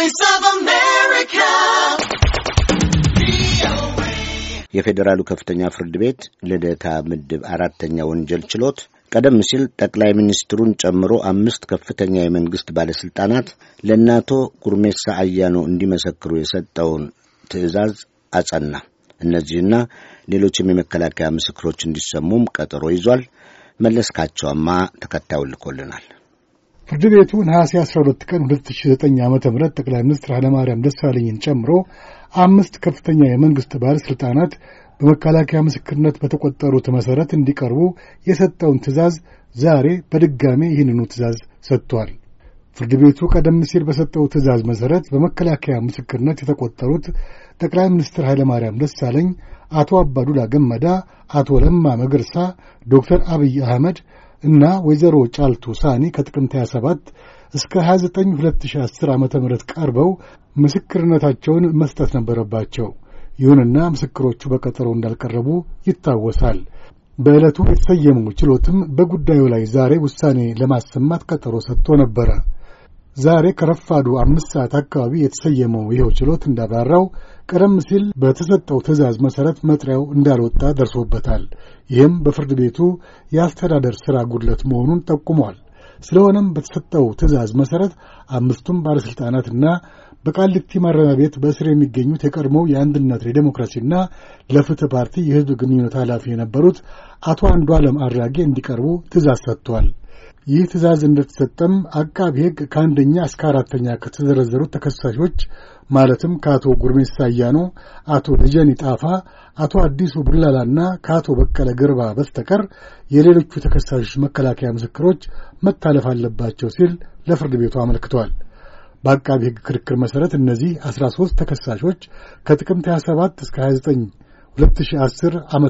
Voice of America. የፌዴራሉ ከፍተኛ ፍርድ ቤት ልደታ ምድብ አራተኛ ወንጀል ችሎት ቀደም ሲል ጠቅላይ ሚኒስትሩን ጨምሮ አምስት ከፍተኛ የመንግስት ባለስልጣናት ለእናቶ ጉርሜሳ አያኖ እንዲመሰክሩ የሰጠውን ትዕዛዝ አጸና። እነዚህና ሌሎችም የመከላከያ ምስክሮች እንዲሰሙም ቀጠሮ ይዟል። መለስካቸውማ ተከታዩ ልኮልናል። ፍርድ ቤቱ ነሐሴ 12 ቀን 2009 ዓ ም ጠቅላይ ሚኒስትር ኃይለማርያም ደሳለኝን ጨምሮ አምስት ከፍተኛ የመንግሥት ባለሥልጣናት በመከላከያ ምስክርነት በተቆጠሩት መሠረት እንዲቀርቡ የሰጠውን ትእዛዝ ዛሬ በድጋሜ ይህንኑ ትእዛዝ ሰጥቷል። ፍርድ ቤቱ ቀደም ሲል በሰጠው ትእዛዝ መሠረት በመከላከያ ምስክርነት የተቆጠሩት ጠቅላይ ሚኒስትር ኃይለማርያም ደሳለኝ፣ አቶ አባዱላ ገመዳ፣ አቶ ለማ መገርሳ፣ ዶክተር አብይ አህመድ እና ወይዘሮ ጫልቱ ሳኒ ከጥቅምት 27 እስከ 29 2010 ዓ ም ቀርበው ምስክርነታቸውን መስጠት ነበረባቸው። ይሁንና ምስክሮቹ በቀጠሮ እንዳልቀረቡ ይታወሳል። በዕለቱ የተሰየመው ችሎትም በጉዳዩ ላይ ዛሬ ውሳኔ ለማሰማት ቀጠሮ ሰጥቶ ነበረ። ዛሬ ከረፋዱ አምስት ሰዓት አካባቢ የተሰየመው ይኸው ችሎት እንዳብራራው ቀደም ሲል በተሰጠው ትዕዛዝ መሠረት መጥሪያው እንዳልወጣ ደርሶበታል። ይህም በፍርድ ቤቱ የአስተዳደር ሥራ ጉድለት መሆኑን ጠቁሟል። ስለሆነም በተሰጠው ትዕዛዝ መሠረት አምስቱም ባለሥልጣናትና በቃሊቲ ማረሚያ ቤት በእስር የሚገኙት የቀድሞው የአንድነት ለዲሞክራሲና ለፍትህ ፓርቲ የሕዝብ ግንኙነት ኃላፊ የነበሩት አቶ አንዱዓለም አድራጌ እንዲቀርቡ ትዕዛዝ ሰጥቷል። ይህ ትእዛዝ እንደተሰጠም አቃቢ ሕግ ከአንደኛ እስከ አራተኛ ከተዘረዘሩት ተከሳሾች ማለትም ከአቶ ጉርሜሳ አያኖ፣ አቶ ደጀኔ ጣፋ፣ አቶ አዲሱ ቡላላና ከአቶ በቀለ ገርባ በስተቀር የሌሎቹ ተከሳሾች መከላከያ ምስክሮች መታለፍ አለባቸው ሲል ለፍርድ ቤቱ አመልክቷል። በአቃቢ ሕግ ክርክር መሠረት እነዚህ 13 ተከሳሾች ከጥቅምት 27 እስከ 29 2010 ዓ ም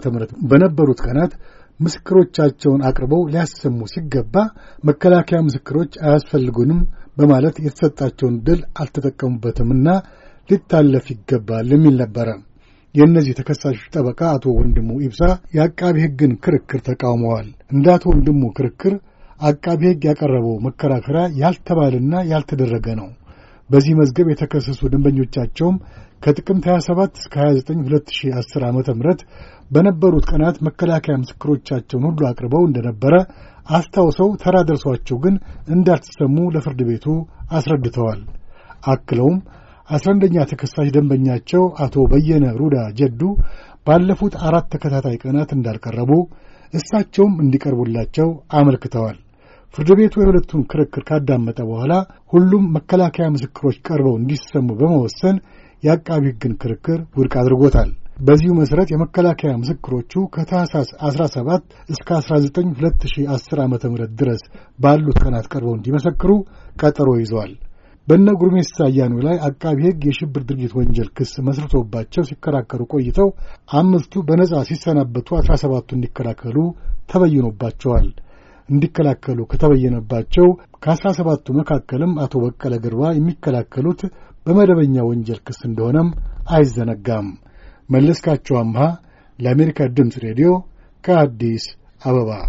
በነበሩት ቀናት ምስክሮቻቸውን አቅርበው ሊያሰሙ ሲገባ መከላከያ ምስክሮች አያስፈልጉንም በማለት የተሰጣቸውን ድል አልተጠቀሙበትምና ሊታለፍ ይገባል የሚል ነበረ። የእነዚህ ተከሳሾች ጠበቃ አቶ ወንድሙ ኢብሳ የአቃቢ ሕግን ክርክር ተቃውመዋል። እንደ አቶ ወንድሙ ክርክር አቃቢ ሕግ ያቀረበው መከራከሪያ ያልተባለና ያልተደረገ ነው። በዚህ መዝገብ የተከሰሱ ደንበኞቻቸውም ከጥቅምት 27 እስከ 29 2010 ዓ ም በነበሩት ቀናት መከላከያ ምስክሮቻቸውን ሁሉ አቅርበው እንደነበረ አስታውሰው ተራ ደርሷቸው ግን እንዳልተሰሙ ለፍርድ ቤቱ አስረድተዋል። አክለውም አስራ አንደኛ ተከሳሽ ደንበኛቸው አቶ በየነ ሩዳ ጀዱ ባለፉት አራት ተከታታይ ቀናት እንዳልቀረቡ እሳቸውም እንዲቀርቡላቸው አመልክተዋል። ፍርድ ቤቱ የሁለቱን ክርክር ካዳመጠ በኋላ ሁሉም መከላከያ ምስክሮች ቀርበው እንዲሰሙ በመወሰን የአቃቢ ሕግን ክርክር ውድቅ አድርጎታል። በዚሁ መሠረት የመከላከያ ምስክሮቹ ከታህሳስ 17 እስከ 19 2010 ዓ ም ድረስ ባሉት ቀናት ቀርበው እንዲመሰክሩ ቀጠሮ ይዘዋል። በነ ጉርሜሳ አያኑ ላይ አቃቢ ሕግ የሽብር ድርጊት ወንጀል ክስ መስርቶባቸው ሲከራከሩ ቆይተው አምስቱ በነጻ ሲሰናበቱ አስራ ሰባቱ እንዲከላከሉ ተበይኖባቸዋል። እንዲከላከሉ ከተበየነባቸው ከአስራ ሰባቱ መካከልም አቶ በቀለ ግርባ የሚከላከሉት በመደበኛ ወንጀል ክስ እንደሆነም አይዘነጋም። መለስካቸው አምሃ ለአሜሪካ ድምፅ ሬዲዮ ከአዲስ አበባ